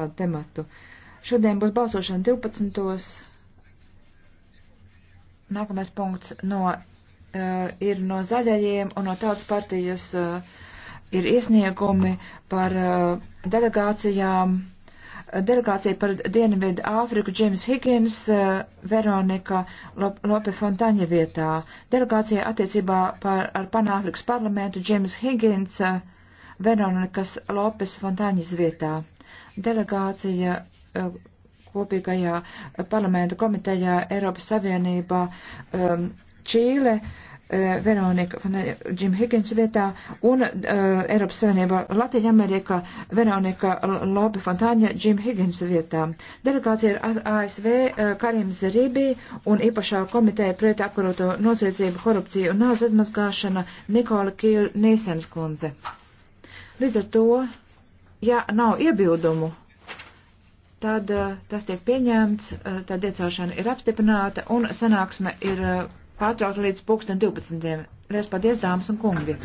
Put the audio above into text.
Uh, tematu. Šodien būs balsošana 12. Nākamais punkts no, uh, ir no zaļajiem un no tautas partijas uh, ir iesniegumi par uh, delegācijām. Delegācija par Dienvidu Āfriku Džims Higgins, uh, Veronika Lop Lope Fontaņa vietā. Delegācija attiecībā par, ar Panāfrikas parlamentu Džims Higgins, uh, Veronikas Lopes Fontaņas vietā delegācija eh, kopīgajā parlamenta komitejā Eiropas Savienībā ehm, Čīle. Eh, Veronika Džim Higgins vietā un uh, Eiropas Savienībā Latvija Amerika Veronika Lope Fontāņa Džim Higgins vietā. Delegācija ir ASV uh, Karim Zeribī un īpašā komiteja pret apkaroto noziedzību, korupciju un naudas atmazgāšana Nikola Kīl Nīsens kundze. Līdz ar to ja nav iebildumu, tad eh, tas tiek pieņemts, eh, tad iecelšana ir apstiprināta un sanāksme ir eh, pārtraukta līdz pulksten 12. Lies paldies, dāmas un kungi!